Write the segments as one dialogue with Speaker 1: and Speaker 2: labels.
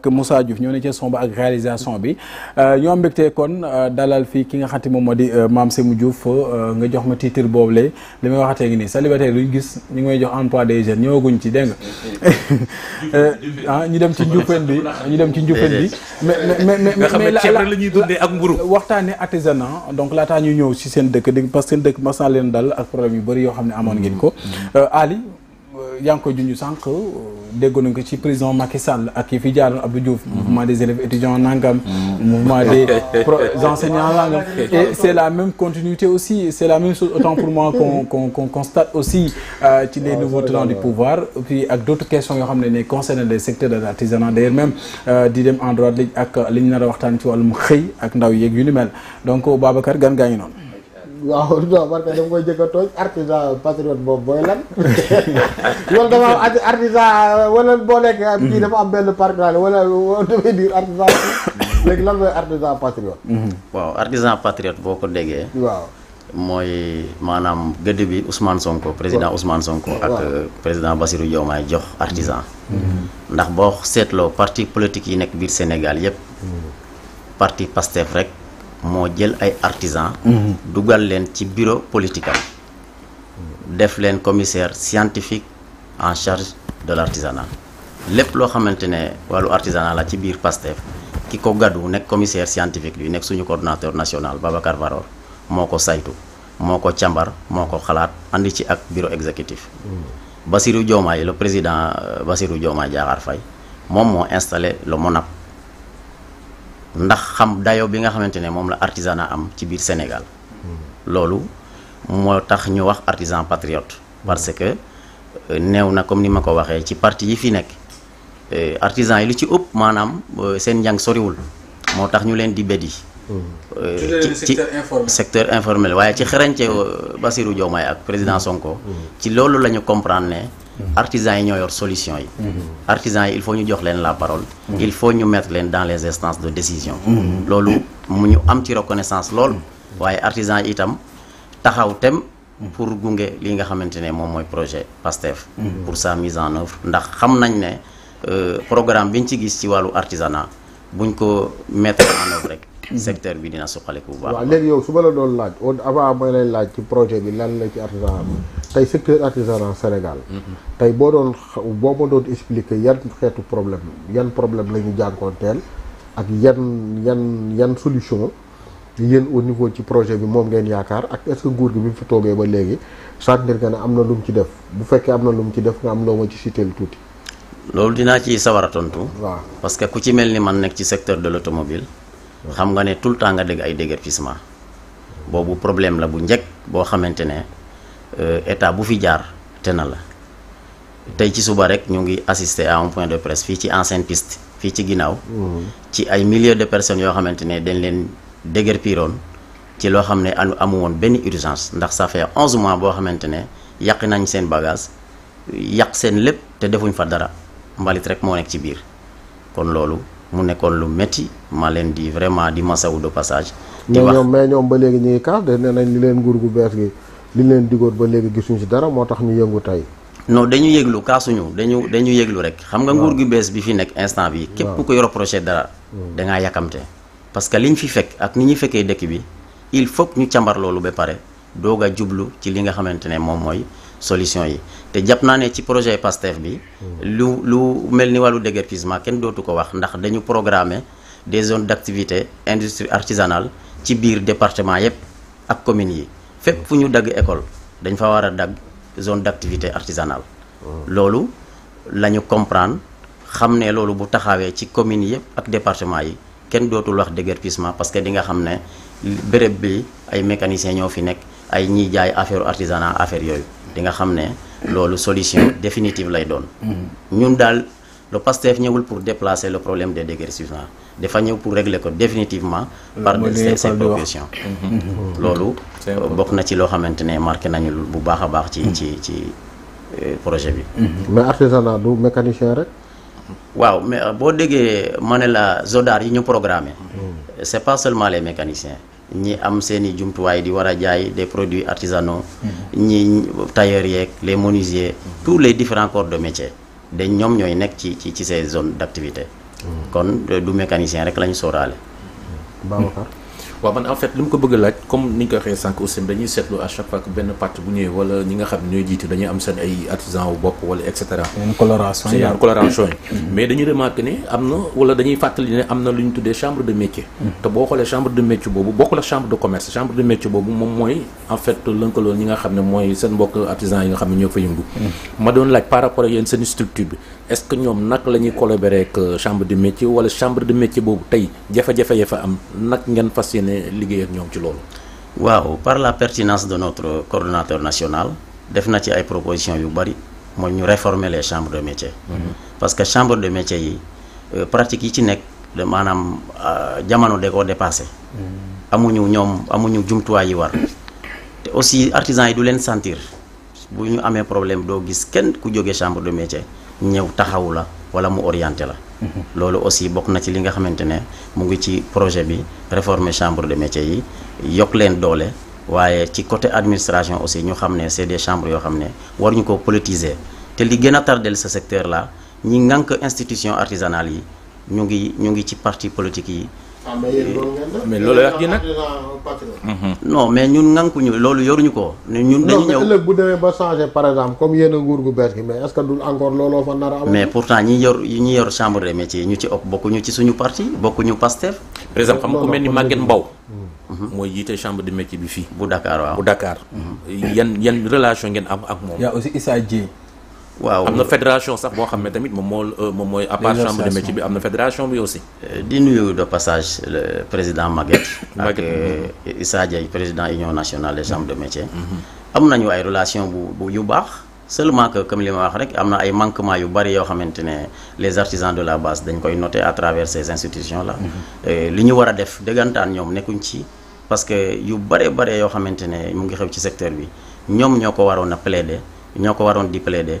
Speaker 1: que Moussa Diouf ñoo son ca somba ak réalisation bi euh, ñoo mbégte kon euh, dalal fi ki nga xam te modi euh, Mame Diouf nga jox ma titre ngi gis ñi ngi jox emploi des jeunes guñ ci déng euh ah, ñu dem ci bi ñu dem ci bi mais mais mais mais lañuy dundé ak mburu waxtané artisanat donc ta ñu ñëw ci seen dëkk parce que seen dëkk dal ak problème yu bari yo xamné amone ngeen ko mm-hmm. Ali il y a encore des gens qui ci président Macky Sall mhm. mouvement des élèves étudiants nangam. Mhm. mouvement des enseignants nangam. et C'est la même continuité aussi c'est la même chose autant pour moi qu'on qu'on constate aussi a euh, les nouveaux tenants du pouvoir puis avec d'autres questions qui concernant concernent les secteurs de l'artisanat, d'ailleurs même euh, di dem en droit de li ñu donc au waxtaan ci wàllum xëy ak ndaw yu ni mel donc Babacar gan gaa ngi
Speaker 2: waaw non koy jëkk a tooñ artisan patriote boobu booy lan
Speaker 3: loolu dama
Speaker 2: artisan euh, wala boo nekk euh, mm-hmm. kii dafa am benn parc daal wala damay dire artisan mm-hmm. léegi lan mooy artisan patriote
Speaker 3: mm-hmm. waaw artisan patriote boo ko déggee waaw mooy maanaam gëdd bi Ousmane Sonko président Ousmane Sonko ak euh, président Bassirou Diomaye jox artisan ndax boo seetloo parti politique yi nekk biir Sénégal yépp parti Pastef rek mo jël ay artisans. Mhm. dugal leen ci bureau politique def leen commissaire scientifique en charge de l'artisanat lépp loo xamante ne wàllu artisanat la ci biir PASTEF ki ko gàddu commissaire scientifique bi nek suñu coordinateur national Babacar Varor moo ko saytu moo ko càmbar moo ko xalaat andi ci ak bureau exécutif. Mhm. Bassirou Diomaye le président euh, Bassirou Diomaye Diakhar fay moom moo installé le MONAP. ndax xam dayo bi nga xamante ne moom la artisan artisanat am ci biir Sénégal loolu moo tax ñu wax artisan patriote parce que euh, new na comme ni ma ko waxee ci parti yi fi nekk euh, artisan yi lu ci ëpp maanaam euh, seen njàng soriwul moo tax ñu leen di beddi hmm. ci secteur informel waaye ci xarañte basiru Diomaye ak président Sonko hmm. Hmm. ci loolu lañu ñu ne Mhm. artisans yi ñoo yor solution yi. Mhm. artisans yi il faut ñu jox leen la parole. Mhm. il faut ñu mettre leen dans les instances de décision. loolu mu ñu am ci reconnaissance lool waaye artisans yi itam taxaw tem pour gunge li nga xamante ne moom mooy projet PASTEF. pour sa mise en œuvre ndax xam nañ ne euh, programme biñ ci gis ci wàllu artisanat buñ ko mettre en œuvre rek. secteur bi dina suqaliku bu baax. waaw
Speaker 2: léegi yow su ma la doon laaj avant ma lay laaj ci projet bi lan la ci artisanat tey secteur artisanat Sénégal. Mm-hmm. tey boo doon boo ma doon expliquer yan xeetu problème yan problème la ñu teel ak yan yan yan solution. yéen au niveau ci projet bi moom ngeen yaakaar ak est gour gi bi mu fi toogee ba léegi sentir nga ne am na lu mu ci def bu fekkee am na lu mu ci def nga am loo ma ci siteel tuuti.
Speaker 3: loolu dinaa ci sawar a tontu. waaw que ku ci mel ni man nekk ci secteur de l'automobile xam nga ne tout temps nga dégg ay déguerpissement boobu problème la bu njëkk boo xamante ne euh, état bu fi jaar te na la tey ci suba rek ñu ngi assister à un point de presse fii ci ancienne piste fii ci ginnaaw mm-hmm. ci ay milliers de personnes yoo xamante ne dañ leen déguerpiroon ci loo xam ne anu amu woon benn urgence ndax ça fait onze mois boo xamante ne yàq nañ seen bagage yàq seen lépp te defuñ fa dara mbalit rek moo nekk ci biir kon loolu mu nekkoon lu métti ma leen di vraiment di masawu de passage. di wax ñoom
Speaker 2: mais ba léegi ñu ngi kaas de nee nañ li leen nguur gu bees gi li leen digoon ba léegi gisuñu ci dara moo tax ñu yëngu tey.
Speaker 3: non dañu yëglu kaasuñu dañu dañu yëglu rek. xam nga nguur gu bees bi fi nekk instant bi képp ko reproché dara. Mm. dangaa ngaa yàkkamte parce que ñu fi fekk ak ni ñuy fekkee dëkk bi il faut ñu càmbar loolu ba pare doog a jublu ci li nga xamante ne moom mooy solution yi. te jàpp naa ne ci projet PASTEF bi. Hmm. lu lu mel ni wàllu déguerpissement kenn dootu ko wax ndax dañu programme des zones d'activité industrie artisanale ci biir département yépp ak communes yi fépp hmm. fu ñu dagg école dañ fa war a dagg zone d'activité artisanale. Hmm. loolu lañu comprendre xam ne loolu bu taxawee ci communes yépp ak département yi kenn dootul wax déguerpissement parce que di nga xam ne béréb bi ay mécaniciens ñoo fi nekk ay ñiy jaay affaire artisanat affaire yooyu di nga xam ne. lolu solution définitive lay doon.
Speaker 4: Mm-hmm.
Speaker 3: ñun dal le PASTEF ñewul pour déplacer le problème des déguerpissement dafa ñëw pour régler ko définitivement. par des solutions lolu bokk na ci lo xamantene marqué nañu bu baaxa baax. ci mm-hmm. ci ci euh, projet bi.
Speaker 2: Mm-hmm. mais artisanat du mécanicien rek.
Speaker 3: waaw mais euh, bo déggee manela la Zodar yi ñu programmer c'est pas seulement les mécaniciens ni am des produits artisanaux ni tailleurs yeeg les menuisiers tous les différents corps de métier Nous ñoom dans ces zones d'activité. activité mm. kon euh, du mécanicien rek la waaw man en fait li mu ko bëgg laaj
Speaker 5: comme ni ñu ko waxee sànq aussi dañuy seetlu à chaque fois que benn parti bu ñëwee wala ñi nga xam ñooy jiitu dañuy am seen ay artisan wu bopp wala et mm-hmm. mais dañuy remarqué ne am na wala dañuy fàttali ne am na lu ñu tuddee chambre de métier. Mm-hmm. te boo xoolee chambre de métier boobu bokkul ak chambre de commerce chambre de métier boobu moom mooy en fait ñi nga xam ne mooy seen mbokk artisan yi nga xam ne ñoo fa yëngu. Mm-hmm. ma doon laaj bi est-ce que ñoom nag la ñuy collaborer ak euh, chambre de métier
Speaker 3: wala chambre de métier boobu tey jafe-jafe ya fa am nag ngeen fas yéene liggéey ak ñoom ci loolu. waaw par la pertinance de notre coordonnateur national def na ci ay propositions yu bari mooy ñu réformer les chambres de métier. Mhm. parce que chambre de métier yi euh, pratique yi ci nekk maanaam euh, jamono da koo dépassé. Mhm. amuñu ñoom amuñu jumtuwaay yi war te aussi artisans yi du leen sentir bu ñu amee problème doo gis kenn ku jógee chambre de métier. ñëw taxawu la wala mu orienté la. Mhm. loolu aussi bokk na ci li nga xamante ne mu ngi ci projet bi réformer chambre de métiers yi yokk leen doole waaye ci côté administration aussi ñu xam ne c'est des chambres yoo xam ne waruñu ko politiser te li gën a tardel sa secteur là ñi ngànk institution artisanale yi ñu ngi ñu ngi ci parti politique yi.
Speaker 2: Ah, mais loolu wax ji nag mm-hmm.
Speaker 3: no mais ñun ñu loolu yoruñu ko. ne ñun dañu ñëw
Speaker 2: bu demee ba changé par exemple comme yéen a nguur gu bees gi mais est que dul encore looloo fa nar a am mais
Speaker 3: pourtant ñi yor ñi yor chambre des métiers ñu ci ëpp bokkuñu ci suñu parti bokkuñu Pastef. par exemple xam nga ku mel ni Maguette Mbow. Mm-hmm. mooy jiite chambre de
Speaker 5: métier bi fii. bu Dakar waaw bu Dakar. Mm-hmm. yan yan relation ngeen am ak moom.
Speaker 1: a
Speaker 3: waaw am na fédération sax boo xam ne tamit moom moo euh, moom mooy à part chambre de métier bi am na fédération bi aussi euh, di nuyu de passage le président Maguette ak mm-hmm. euh, Issa Diaye président union nationale des chambres de métier mm-hmm. am nañu ay relation bu bu yu baax seulement que comme li ma wax rek am na ay manquements yu bari yoo xamante ne les artisans de la base dañ koy noter à travers ces institutions là mm-hmm. li ñu war a def dëggantaan ñoom nekkuñ ci parce que yu bare bare yoo xamante ne mu ngi xew ci secteur bi ñoom ñoo ko waroon a plaider ñoo ko waroon di plaider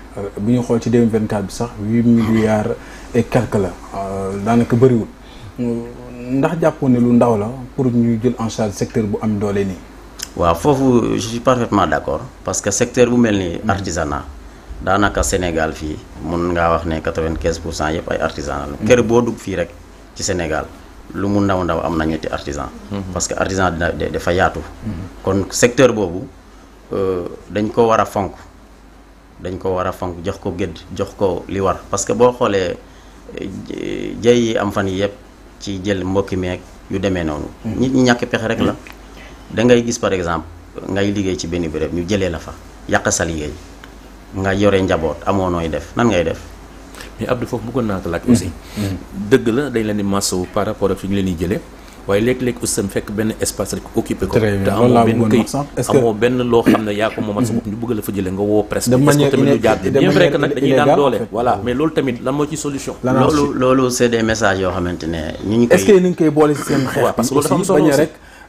Speaker 1: Euh, bu ñu xool ci 2024 bi sax huit milliards et quelque la euh, daanaka bëriwul euh, ndax jàppoon ne lu ndaw la pour ñu jël en charge secteur bu am doole nii.
Speaker 3: waaw foofu je suis parfaitement d'accord parce que secteur bu mel ni hmm. artisanat daanaka Sénégal fii mun ngaa wax ne quatre-vingt-quinze pour cent yëpp ay artisanat la. kër boo dugg fii rek ci Sénégal. lu mu ndaw ndaw am na ñetti artisan hmm. parce que artisan dafa yaatu hmm. kon secteur boobu dañ ko war a fonk dañ ko war a fonk jox ko gédd jox ko li war parce que boo xoolee eh, jëy yi am fan yi yëpp ci jël mbokki meek yu demee noonu hmm. nit ñi ñàkk pexe rek la hmm. da ngay gis par exemple ngay liggéey ci benn béréb ñu jëlee la fa yàq sa liggéey nga yore njaboot amoo nooy def nan ngay def mais Abdou foofu bëggoon naa ko laaj hmm. aussi dëgg la dañ leen di masawu par rapport ak fi ñu leen di jëlee
Speaker 5: waaye léeg-léeg aussi fekk benn espace rek occupé ko. te amoo benn këy amoo benn loo
Speaker 3: xam ne yaa ko moomal sa bopp ñu bëgg la fa jëlee nga woo presse. de tamit lu jaadu bien vrai que nag dañuy daan doole. voilà mais loolu tamit lan moo ci solution. loolu loolu c'est des yoo xamante ne ñu ñu
Speaker 1: koy boole si seen xeex. parce loolu dafa am solo rek.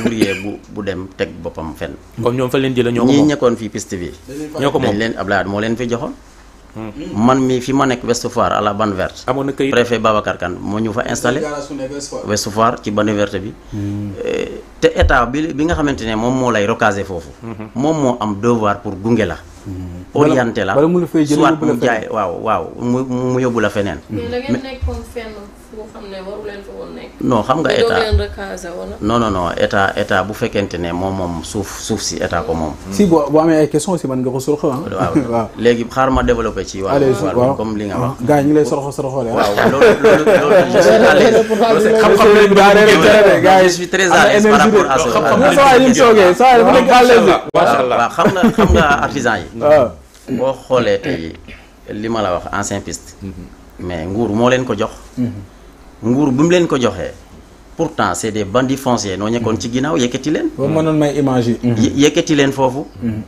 Speaker 3: ouvrier bu bu dem teg boppam fenn.
Speaker 5: comme ñoom fa leen jëlee ñoo ko
Speaker 3: nekkoon fii piste bi. ñoo ko moom dañ moo leen fi joxoon. Hmm. man mii fi ma nekk Ouest Foire à la bande verte. amoon na kayit préfet Babacar Kane moo ñu fa installé. Ouest Foire ci bande verte bi. Hmm. Eh, te état bi bi nga xamante ne moom moo lay recaser foofu. Hmm. moom moo am devoir pour gunge la. orienté la bala mu la fay jëlee yóbbu la feneen soit mu jaay waaw waaw mu mu yóbbu la feneen.
Speaker 6: foo xam nga état
Speaker 3: non non non état état bu fekkente ne moom moom suuf suuf si état ko moom. si boo
Speaker 1: boo amee ay questions si mën nga ko soroxal ah. waaw
Speaker 3: léegi xaar ma développé ci. waaw comme li nga wax.
Speaker 1: gars ñu lay soroxal soroxalee. Ah. waaw loolu je suis à l'aise xam-xam lañ bëgg
Speaker 5: je suis
Speaker 3: xam nga artisan yi. boo xoolee tey li ma la wax ancien piste. Mhm. mais nguur moo leen ko jox. Mhm. nguur bu mu leen ko joxee pourtant c'est des bandits fonciers noo nekkoon ci ginnaaw yëkkati leen. boo mënoon
Speaker 1: may image yi.
Speaker 3: yëkkati leen foofu. Mm-hmm.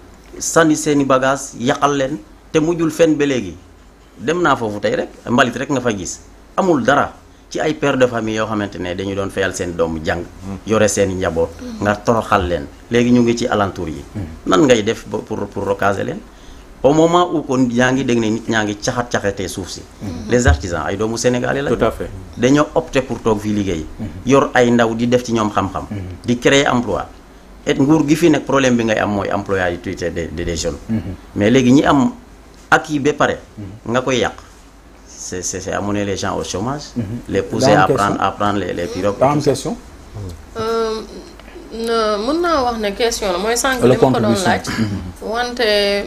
Speaker 3: sànni seen i bagages yàqal leen te mujjul fenn ba léegi dem naa foofu tey rek mbalit rek nga fa gis amul dara. ci ay père de famille yoo xamante ne dañu doon fayal seen doomu jàng mm-hmm. yore seeni njaboot nga toroxal leen léegi ñu ngi ci alentour yi mm-hmm. nan ngay def pour pour recaser leen au moment où kon yaa ngi dégg ne nit ñaa ngi caxat caxatee suuf si. Mhm. les artisans ay doomu sénégalais la. tout à fait dañoo opté pour toog fii liggéey. Mhm. yor ay ndaw di def ci ñoom xam-xam. Mhm. di créer emploi et nguur gi fi nekk problème bi ngay am mooy employabilité des des jeunes. mais léegi ñi am ak acquis ba pare. nga koy yàq. c'est c'est amener les gens au chômage. les pousser à prendre à prendre les les pirogues.
Speaker 6: Euh, mën naa wax ne question la mooy sànq. la ko doon laaj wante.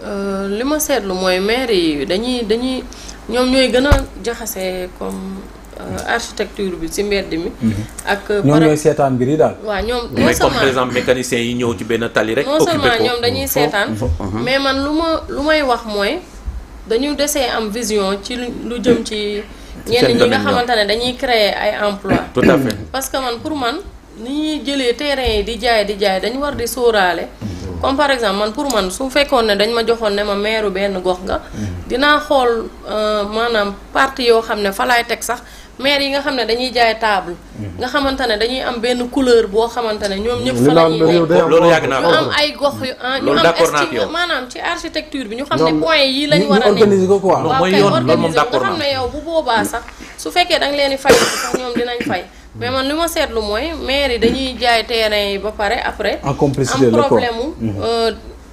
Speaker 6: Euh, li ma seetlu mooy maire yi dañuy dañuy ñoom ñooy gën a jaxase comme euh, architecture bi ci mbedd mi. Mhm. ak euh, ñoom ñooy
Speaker 1: seetaan mbir
Speaker 5: yi daal.
Speaker 6: waaw non exemple
Speaker 5: mécanicien yi ñëw ci benn tali rek. ñoom dañuy mhm. seetaan. Mhm. mais
Speaker 6: man lu ma lu may wax mooy dañu desee am vision ci lu jëm ci. ñenn ñi nga xamante dañuy créer ay emploi tout à parce que man pour man ni ñuy jëlee terrain yi di jaay di jaay dañu war di sóoraale. comme par exemple man pour man su fekkoon ne dañ ma joxoon ne ma meeru benn gox nga. dinaa xool euh, maanaam parti yoo xam ne fa laay teg sax maire yi nga xam ne dañuy jaay table. nga xamante ne dañuy am benn couleur boo xamante ne ñoom ñëpp. fa la ñuy loolu yàgg naa ñu am ay gox yu ah. ñu am estime maanaam ci architecture bi ñu xam ne point yi lañ war a nekk. ñu organiser
Speaker 1: ko quoi. mooy yoon loolu
Speaker 6: moom d'accord naa waaw nga xam ne yow bu boobaa sax su fekkee da nga leen di fay sax ñoom dinañ fay. mais man li ma seetlu mooy maire yi dañuy jaay terrain yi ba pare après. en complicité am problème mu. Mhm.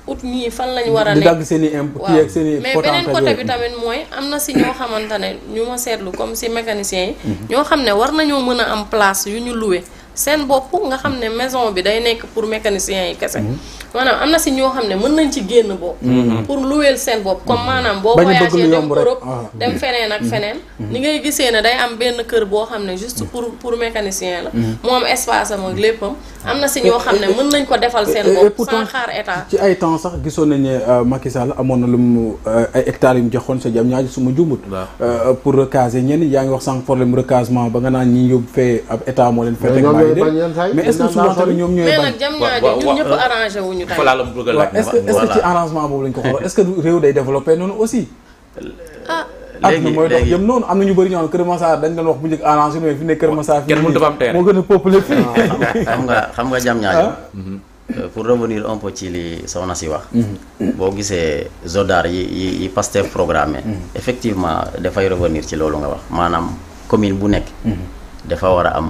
Speaker 6: ut euh, ñii fan lañu war a nekk di dagg
Speaker 1: seen i impôt kii ak seen i mais beneen côté bi tamit
Speaker 6: mooy am na si ñoo xamante ne ñu ma seetlu comme si mécaniciens yi. Mhm. ñoo xam ne war nañoo mën a am place yu ñu loué. seen bopp nga xam ne maison bi day nekk pour mécaniciens yi kese. Mhm. maanaam am na si ñoo xam ne mën nañ ci génn bopp. Mhm. pour luweel seen bopp comme mhm. maanaam boo voyagé dem Europe ah. dem feneen ak feneen. ni ngay gisee ne day am benn kër boo xam ne juste pour pour mécanicien la. mu am espace am ak léppam am na si ñoo xam ne eh, eh, mën nañ ko defal eh, seen bopp. sans xaar état ci
Speaker 1: ay temps sax gisoon nañ ne euh, Macky amoon na lu mu euh, ay hectares yu mu joxoon sa jam ñaari suma jumbut. Euh, pour recaser ñenn yaa ngi wax sànq problème recasement ba nga naan ñi yóbbu fee ab état moo leen. mais est-ce que souvent tamit ñoom
Speaker 5: ñooy bañ ñun ñëpp arrangé wuñu tey voilà est-ce que est-ce que ci
Speaker 1: arrangement boobu lañ ko xoolal est-ce que réew day développé noonu aussi ah léegi mooy dox jëm noonu am na ñu bëri ñoo xam Kër Massar dañ doon wax bu njëkk arrangé mais fi ne Kër Massar fi moo gën a peuplé fii xam
Speaker 3: nga xam nga jam ñaajo ah. mhm. euh, pour revenir un peu ci li soxna si wax mhm. boo gisee zodar yi yi Pastef programmé mhm. effectivement dafay revenir ci loolu nga wax maanaam commune bu nekk dafa war a am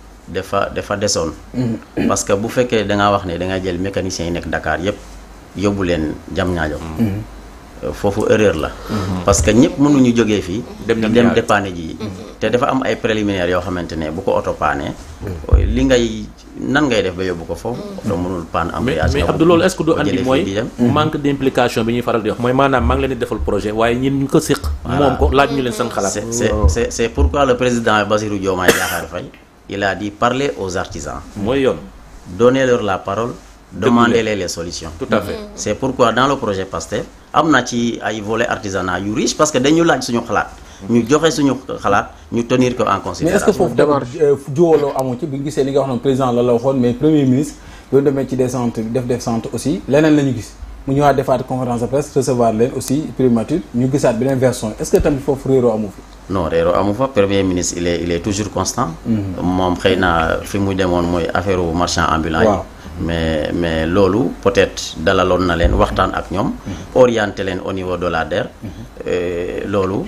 Speaker 3: dafa dafa desoon. Mm. parce que bu fekkee da nga wax ne da nga jël mécanicien yi nekk Dakar yépp yóbbu leen jam ñaajo mm. mm. euh, fofu erreur la. Mm-hmm. parce que mënu ñu joggé fi dem dem dépanner ji. Mm-hmm. te dafa am ay préliminaire yo xamantene ne bu ko oto paanee. li ngay nan ngay def ba yobbu ko foofu. do mënul paan embrayage. mais mais Abdou lol est-ce que du andi moy mm-hmm. manque
Speaker 5: d'implication bi ñuy faral di wax moy manam maa ngi leen di defal projet waye ñin ñu ko sekk mom ko laaj
Speaker 3: ñu leen seen xalaat. c'est c'est c'est pourquoi le président basirou Diomaye jaxar fay il a dit parler aux artisans. donner leur la parole,
Speaker 6: demander les
Speaker 3: les solutions. Tout à fait. Mm-hmm. C'est pourquoi dans le projet PASTEF, am na ci ay volet artisanat yu riche parce que dañu laaj suñu xalaat. ñu mm-hmm. joxe suñu xalaat ñu tenir ko en considération. mais est-ce que faut démarche
Speaker 1: euh, juwaloo amu ci bi ñu gisee li nga wax noonu président la la waxoon mais premier ministre doon demee ci descente def descente aussi leneen la ñu gis mu ñëwaat defaat conférence de presse recevoir leen aussi primature ñu gisaat beneen version est-ce que tamit faut réeroo amu fi
Speaker 3: non rero amu fa premier ministre il est il est toujours constant. mom mhm. xeyna fi mu demoon moy affaire marchand ambulant mais mais lolu peut-être dalalon na len waxtan ak ñom mhm. orienter len au niveau de la DER. Mhm. loolu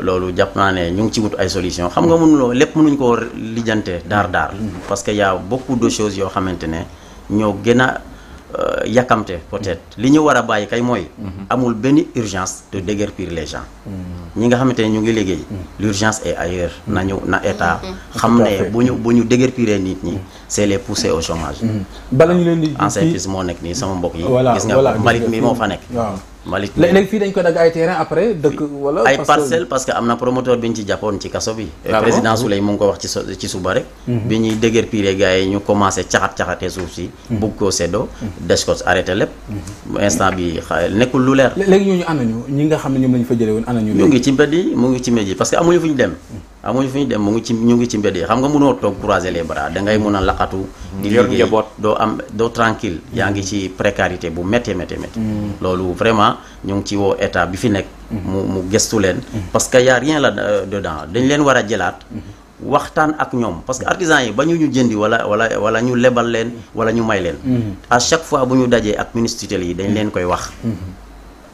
Speaker 3: loolu jàpp naa ñu ngi ci wut ay solution xam nga lo lepp mënuñ ko lijjante dar dar parce que y a beaucoup de choses yo xamantene ne ñoo Euh, yàkkamte peut-être li ñu war a bàyyi kay mooy amul benn urgence de déguerpir les gens ñi nga xamante ne ñu ngi liggéey l'urgence est ailleurs nañu na état mm-hmm. xam ne bu ñu bu ñu déguerpiree nit ñi c'est les pousser au chômage mm-hmm. bala ñu leen di en service moo nekk nii sama mbokk yi gis nga mbalit mi moo fa nekk Malick léegi
Speaker 1: fii dañ ko dagg ay terrain après dëkk ay parcelle
Speaker 3: parce que am na promoteur bi ñu ci jàppoon ci kaso bi. président Souley mu ngi ko wax ci suba rek. Mhm. bi ñuy dëgër pire gars ñu commencé caxat caxatee suuf si. Mhm. bugg koo seddoo. Mhm. des ko arrêté lépp. instant bi nekkul lu leer. léegi
Speaker 1: ñooñu ana ñu nga xam ne ñoom la fa jëlee woon ana ñu.
Speaker 3: ci mbedd yi mu ngi ci mbedd yi parce que amuñu fu ñu dem. amuñu fu ñu dem mu ci ñu ngi ci mbedd yi xam nga mënoo toog croiser les bras da ngay mën a laqatu. di liggéey doo am doo tranquille yaa ngi ci précarité bu méttee méttee méttee. Mm. loolu vraiment ñu ngi ci woo état bi fi nekk. Mm. mu mu gëstu leen. Mm. parce que y' a la de euh, dedans dañ leen war a jëlaat. waxtaan ak ñoom parce que artisans yi ba ñu ñu jëndi wala wala wala ñu lebal leen wala ñu may leen. à chaque fois bu ñu dajee ak ministres tutelles yi dañ leen koy wax. Mm-hmm.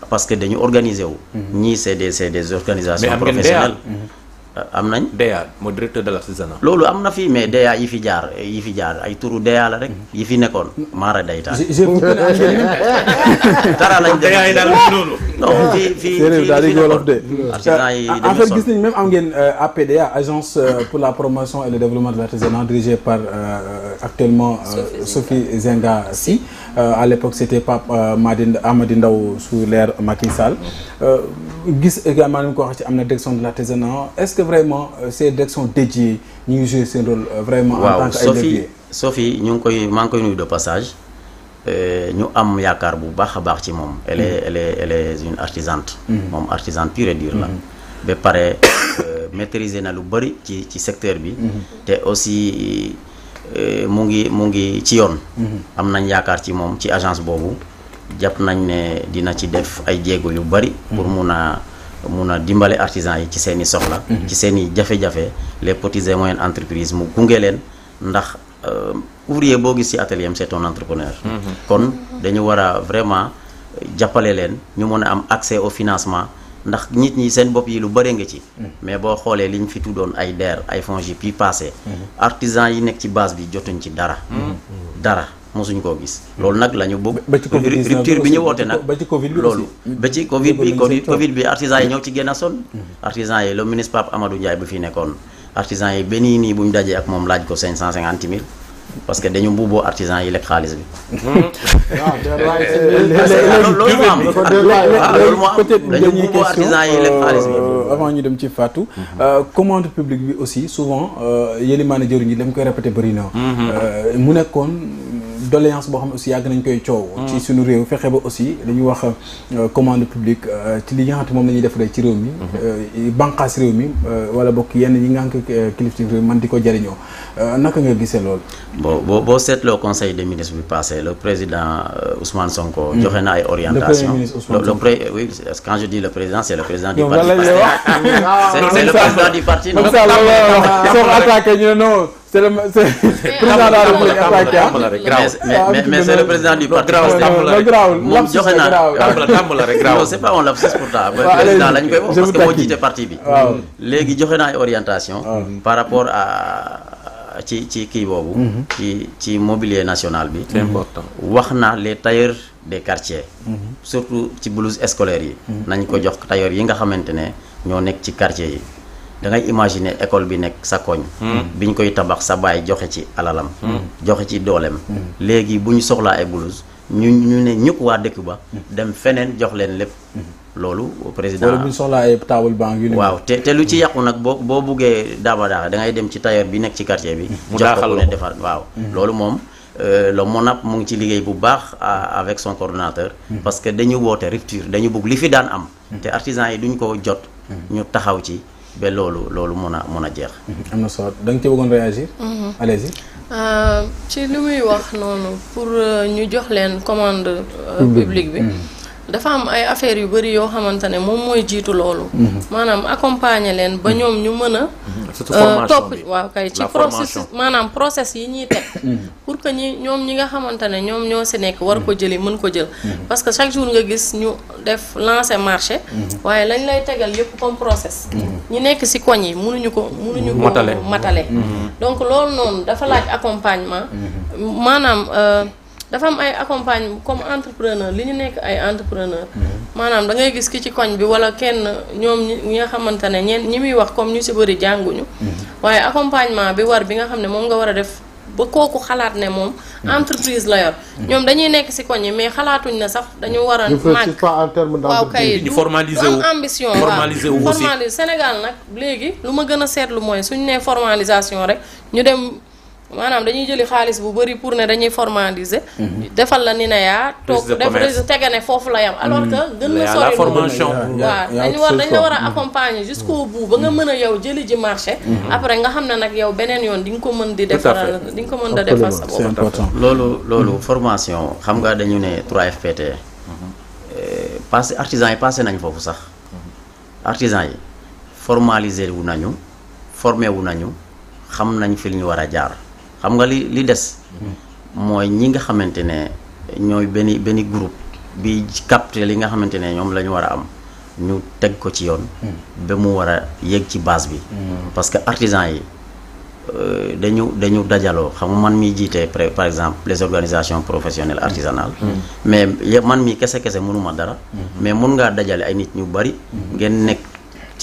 Speaker 3: parce que dañu organiser wu. Mm-hmm. ñii c'est des c'est des organisations professionnelles. Ah. Mm-hmm. Euh, amnañ nañ. DEA directeur de l'artisanat. loolu amna fi mais DEA yi fi jaar yi fi jaar ay turu DEA la rek. Mhm. yi fi Mara day lañ
Speaker 1: def yi non fii fii wolof de.
Speaker 3: en ah, fait
Speaker 1: gis même am ngeen APDA euh, agence euh, pour la promotion et le développement de l'artisanat dirigée par actuellement. Sophie Zenga si. à l'époque c'était Pape Madin Amady sous l'ère Macky Sall. gis également ko wax ci la direction de l'artisanat est-ce que vraiment euh, ces decks sont dédiés ni jouer ce rôle euh, vraiment. Wow. en tant que ay levier
Speaker 3: Sophie nous koy maa koy nuyu de passage euh, ñu am yakar bu baax baax ci mom elle est mm-hmm. elle est elle est une artisante. Mm-hmm. moom artisane pure et dure la. Mm-hmm. ba pare maîtriser na lu bari ci ci secteur bi. té aussi mu ngi mu ci yoon. am nañ yaakaar ci mom ci agence bobu japp nañ né dina ci def ay jéego yu bari pour mun mun a dimbale artisans yi ci seen i soxla. Mhm. ci seeni i jafe-jafe les petites et mu gunge leen ndax euh, ouvrier boo gis ci atelier am c'est entrepreneur.
Speaker 4: Mhm. kon
Speaker 3: dañu war a vraiment jàppale leen ñu mën a am accès au financement. ndax nit ñi seen bopp yi lu bëri nga ci. Mhm. mais boo xoolee li ñu fi tuddoon ay DER ay FONGIP yi passé. artisans yi nekk ci base bi jotuñ ci dara. dara. mosuñu koo gis. loolu nag la ñu bëgg. ba ci rupture bi ñu woote nag. loolu ba ci Covid bi Covid bi artisan yi ñoo ci gën a mhm. artisan yi le ministre bu ñu dajee ak moom laaj ko 550 000. parce que dañu mbuuboo artisan yi lekk xaalis bi. Mhm.
Speaker 1: loolu moo am loolu moo am dañu mbuuboo artisan yi lekk xaalis bi. Euh, avant ñu dem ci Fatou. Mhm. Euh, commande publique bi aussi souvent euh, Yélimane mu nekkoon. doléance bo xam aussi yàgg nañ koy coow. Mm. ci suñu réew fexe ba aussi dañu wax euh, commande publique euh, ci li nga xam ne moom la ci réew mi. Mm-hmm. Euh, bànqaas réew mi wala bokk yenn yi nga xam ne kilifteef réew man diko ko jëriñoo naka nga gisee loolu.
Speaker 3: bo bo boo conseil des ministres bi passé le président Ousmane Sonko. Mm. joxe na ay orientation. le président Ousmane oui quand je dis le président c'est le président du parti. c'est le président du parti non. ça,
Speaker 1: attaqué ñu non. c'est le président
Speaker 3: a attaqué mais mais c'est le président du parti. moom joxe naa non c'est pas un lapsus pourtant. président lañ koy parce que moo jiite parti bi. léegi joxe naa orientation par rapport a ci ci kii boobu. ci ci mobilier national bi. c'est wax na les tailleurs des quartiers. surtout ci blouse scolaire yi. nañ ko jox tailleurs yi nga xamante ne ñoo nekk ci quartier yi. da ngay imaginer école bi nekk sa koñ. Hmm. ñu koy tabax sa baay joxe ci alalam. Hmm. joxe ci dooleem. Hmm. léegi bu ñu soxlaa ay blouse ñu ñu ne ñëpp waa dëkk ba. dem feneen jox leen lépp. loolu président loolu bu
Speaker 1: ñu soxlaa ay table banc yu waaw te te
Speaker 3: lu ci yàqu nag boo boo buggee daaba dangay dem ci tailleur bi nekk ci quartier bi. jox ko ne defar waaw. loolu moom euh, le MONAP mu ngi ci liggéey bu baax avec son coordonnateur. parce que dañu woote rupture dañu bugg li fi daan am. te artisans yi duñ ko jot. ñu taxaw ci. ba loolu loolu mën a mën a jeex. Mhm. am na solo da nga ci bëggoon réagir. Mhm. allez-y.
Speaker 6: Euh, ci li muy wax noonu pour euh, ñu jox leen commande euh, publique bi. Mhm. dafa am ay affaires yu bëri yoo xamante ne moom mooy jiitu loolu. Mhm. maanaam accompagner leen ba mhm. ñoom ñu mën a. Mhm. surtout topp waaw kay ci processus maanaam process yi ñuy teg. pour que ñi ñoom ñi nga xamante ne ñoom ñoo si nekk war ko jëli mën ko jël. parce que chaque jour nga gis ñu def lancé marché. waaye lañ lay tegal yëpp comme process. ñi nekk si koñ yi munuñu ko mënuñu ko matale. donc loolu noonu dafa laaj accompagnement maanaam. Euh, dafa am ay accompagnement comme entrepreneur li ñu nekk ay entrepreneur mm-hmm. maanaam da ngay gis ki ci koñ bi wala kenn ñoom ñi nga xamante ne ñeen ñi muy wax comme ñu si bëri jànguñu mm-hmm. waaye accompagnement bi war bi nga xam ne moom nga war a def ba kooku xalaat ne moom mm-hmm. entreprise la yor ñoom dañuy nekk si koñ yi mais xalaatuñ ne sax dañu war a màgg
Speaker 2: waaw kay du am ambition waaw formaliser
Speaker 6: Sénégal nag léegi lu ma gën a seetlu mooy suñ nee formalisation rek ñu dem maanaam dañuy jëli xaalis bu bëri pour ne dañuy formaliser. Mhm. defal la ni ne yaa. toog def tege ne foofu la yam. alors que mhm. gën na sori formation waaw dañu war dañ war a mhm. accompagner jusqu'au mën a yow jëli ji marché. après nga xam ne nag yow beneen yoon di nga ko mën di. defaral di nga ko mën da defar sa bopp.
Speaker 3: loolu loolu formation xam nga dañu ne 3FPT. Eh, passé artisans yi passé nañ foofu sax. artisans yi formaliser wu nañu formé wu nañu xam nañ fii lu ñu war a jaar. xam nga li li des. mooy ñi nga xamante ne ñooy benn benn groupe bi capté li nga xamante ne ñoom la ñu war a am ñu teg ko ci yoon. Hmm. ba mu war a yéeg ci base bi. Hmm. parce que artisan yi euh, dañu dañu dajaloo xam nga man mi jiite par exemple les organisations professionnelles hmm. artisanales. mais man mi kese kese mënuma dara. mais mun ngaa dajale ay nit ñu bari. ngeen nekk.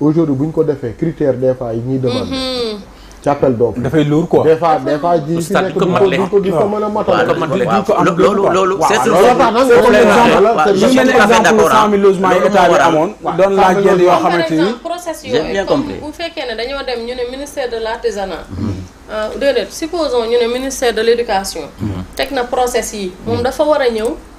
Speaker 2: aujourd'hui buñ ko défé critère des fois yi ñuy demandé. ci mhm. appel da fay lourd quoi. des fois des fois di ci nekk duñ ko di ko mëna matal.
Speaker 1: lolu lolu c'est lolu sûr exemple cent mille logements yi état bi amoon. doon laa jël yoo xamante ni. j'ai bien compris bu
Speaker 6: féké né dañoo dem ñu né ministère de l'artisanat. euh déedéet supposons ñu né ministère de l'éducation. Mm-hmm. tek na process yi moom dafa war a ñëw.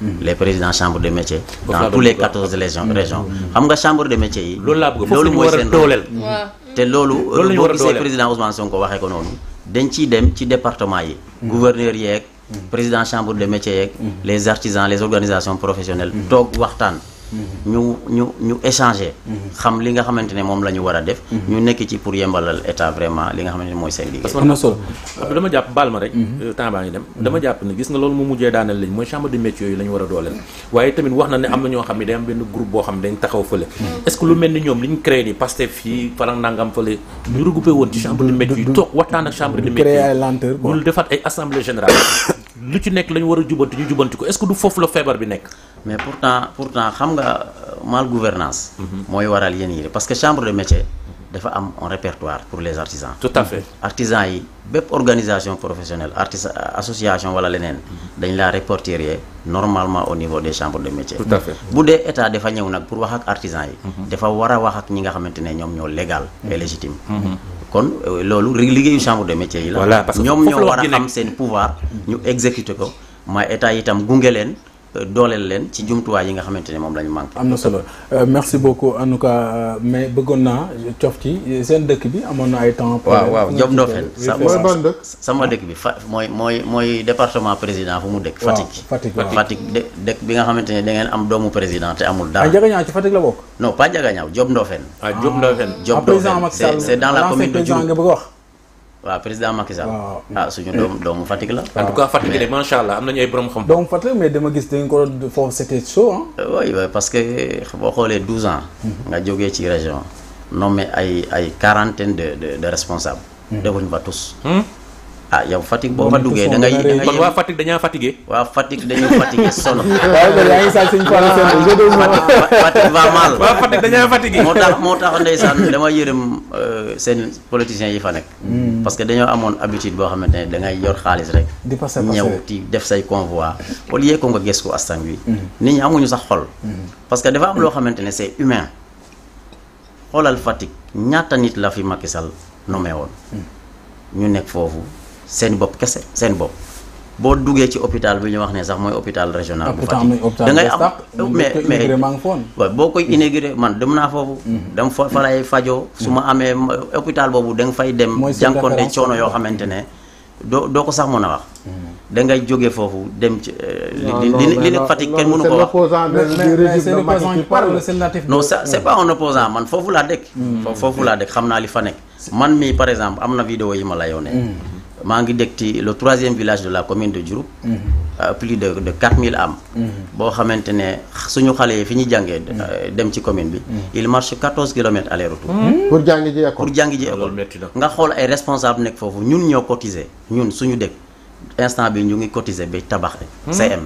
Speaker 3: Mhm. les présidents chambre de métier dans tous les 14 régions mhm. régions mhm. xam chambre de métier yi la. mooy seen dooleel te loolu boo gisee président Ousmane Sonko waxé ko noonu dañ dem ci département yi gouverneur yek. président chambre de métier yek. les artisans les organisations professionnelles toog waxtaan Mm-hmm. ñu ñu ñu échanger. Mm-hmm. xam li nga xamante ne moom la ñu war a def. Mm-hmm. ñu nekk ci pour yembalal état vraiment li nga xamante ne mooy seen liggéey. parce jàpp baal ma rek. Euh, temps baa ngi dem dama jàpp ne gis nga loolu mu mujjee daaneel lañ mooy chambre de métier yi la
Speaker 5: ñu war a dooleel. waaye tamit wax na ne am na ñoo xam ne day am benn groupe boo xam ne dañ taxaw fële. est-ce que lu mel ni ñoom li ñu créé nii Pastef fii faral nangam fële ñu regroupé woon ci chambre de métier yi toog waxtaan ak chambre de métier yi.
Speaker 1: du créé
Speaker 5: defaat lu ci nek lañ wara ko est-ce que du foofu la
Speaker 3: faire bi nek mais pourtant pourtant xam nga euh, mal gouvernance moy mhm. waral yéen yi parce que chambre de métier. dafa am un répertoire pour les artisans. tout à fait artisans yi organisations organisation professionnelle associations, association wala leneen. Mhm. dañ normalement au niveau des chambres de métier. tout à fait bu dee état dafa ñew nak pour wax ak artisans yi. Mhm. dafa wara wax ak ñi nga légal et légitime. kon euh, loolu liggéeyu chambre de métier yi la. voilà parce que ñoom ñoo war a am seen pouvoir. ñu exécuter ko. ma état itam gunge leen. dooleel leen ci jumtuwaay yi nga xamante ne moom lañu ñu manqué. am na solo
Speaker 1: euh, merci beaucoup en tout cas euh, mais bëggoon naa cof ci seen dëkk bi amoon na ay temps. waaw waaw Diop Ndofène
Speaker 3: sama dëkk bi fa mooy mooy mooy département président fu mu dëkk. Fatick Fatick Fatick dëkk bi nga xamante ne da ngeen am doomu président te amul dara. ah Jagañaaw ci Fatick la bokk. non pas Jagañaaw Diop Ndofène. ah Diop Ndofène. Ah, Diop Ndofène c'est dans la commune de Diouroup. waaw président Macky Sall. ah suñu doomu eh. doomu Fatick la. en tout cas ah. Fatick de eh. macha allah am nañu ay borom xam. doomu Fatick mais dama gis dañ ko foofu c'était chaud ah. oui parce que boo xoolee 12 ans. Mhm. nga jógee ci région. nommé ay ay quarantaine de de de responsables. Mhm. defuñu fa tous. Hmm? ah yow Fatick boo fa duggee dangay ngay da ngay kon waa
Speaker 5: Fatick dañaa fatigué. waaw loolu yaa ngi sant
Speaker 3: ah, moo tax moo tax ndeysaan dama yërëm euh, seen politiciens yi fa nekk. Hmm. parce que dañoo amoon habitude boo xamante ne da ngay yor xaalis rek.
Speaker 1: di passé ñëw
Speaker 3: ci def say convoi au lieu que nga ko askan wi. Hmm. nit ñi amuñu sax xol. Hmm. parce que dafa am loo xamante ne c'est humain. xoolal Fatick ñaata nit la fi Macky Sall nommé ñu nekk foofu. seen bopp kese seen bopp boo duggee ci hôpital bi ñu wax ne sax mooy hôpital régional bu Fatick da ngay am mais mais waaw boo koy mm-hmm. inauguré man dem naa foofu dam mm-hmm. fa fa lay fajoo mm-hmm. su ma amee hôpital boobu da fay dem jànkoonte coono yoo xamante ne doo doo ko sax mën a wax da ngay jóge foofu dem ci euh, li li nekk Fatick kenn mënu ko wax non c'est pas un opposant man foofu laa dëkk foofu laa dëkk xam naa li fa nekk man mii par exemple am na vidéo yi ma la yoonee maa ngi le troisième village de la commune de mhm. euh, plus de de 4000 âmes mhm. boo xamante ne suñu xale yi fi ñu jàngee mhm. euh, dem ci commune bi il marche 14 km aller retour pour jàngi ji école pour jàngi ah, nga xool ay responsable nekk foofu ñun ñoo cotiser ñun suñu dëkk instant bi ñu ngi cotiser ba tabax CM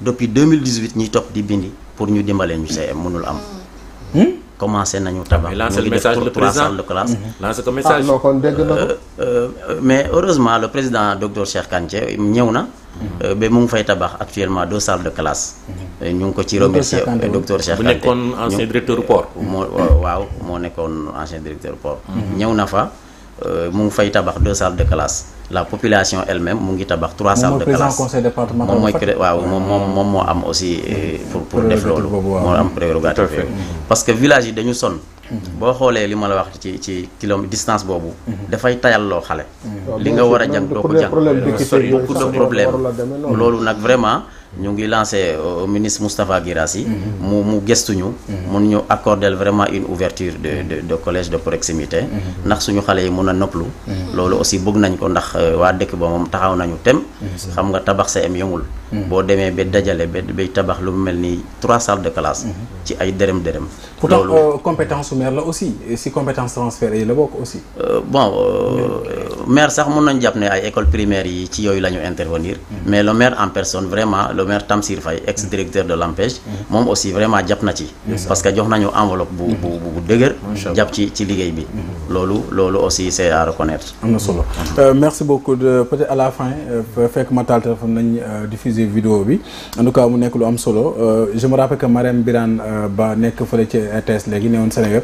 Speaker 3: depuis 2018 ñi top di bindi pour ñu dimbalé ñu CM mënul am commencé nañu tabax. lancer le le président de classe. Mhm. lancer ko ah, message ah
Speaker 2: kon dégg na euh,
Speaker 3: euh, mais heureusement le président doctor Cheikh Kanté ñëw na. Mhm. Euh, ba mu ngi fay tabax actuellement deux salles de classe. Mhm. ñu ngi ko ci remercier docteur Cheikh Kanté bu nekkoon ancien directeur port. moo waaw moo nekkoon ancien directeur port. ñëw na fa. Euh, mu ngi fay tabax deux salles de classe la population elle-même mu ngi tabax trois salles de classe moom mooy waaw moom moo am aussi euh, hmm. pour def loolu moo am prérogative parce que village yi dañu sonn hmm. boo xoolee li ma la wax ci ci kilomètre distance boobu hmm. dafay tayal loo xale
Speaker 4: li nga war a jàng doo ko euh, loolu nag
Speaker 3: vraiment Nous avons lancé euh, au ministre Moustapha Guirassi. Mm-hmm. mu avons gëstuñu. Mm-hmm. accorder vraiment une ouverture de de de collège de proximité. Mm-hmm. Nous avons xale yi nous avons nopplu. aussi nañ nous ndax fait euh, tem. xam nga tabax Mm-hmm. bon demain ben dajale ba ben tabax lu mel ni trois salles de classe. Mm-hmm. ci ay dërëm Derem
Speaker 1: pourtant euh, compétence mère maire là aussi si compétence transférée yi la aussi.
Speaker 3: Euh, bon euh, maire sax mun nañ à école ay qui primaires yi ci yooyu intervenir. Mm-hmm. mais le maire en personne vraiment le maire Tamsir Faye ex directeur de l'AMPEJ. moom aussi vraiment j'app na ci. parce que jox nañu enveloppe bu bu bou dëgër. jàpp ci ci liggéey bi. loolu loolu aussi c'est à reconnaître.
Speaker 1: merci beaucoup peut-être à la fin que ma taal téléphone nañ diffuser. diffuser vidéo bi en tout mu nekk lu am solo euh, je me rappelle que Marème euh, Ba nekk fële ci RTS léegi newoon Seneweb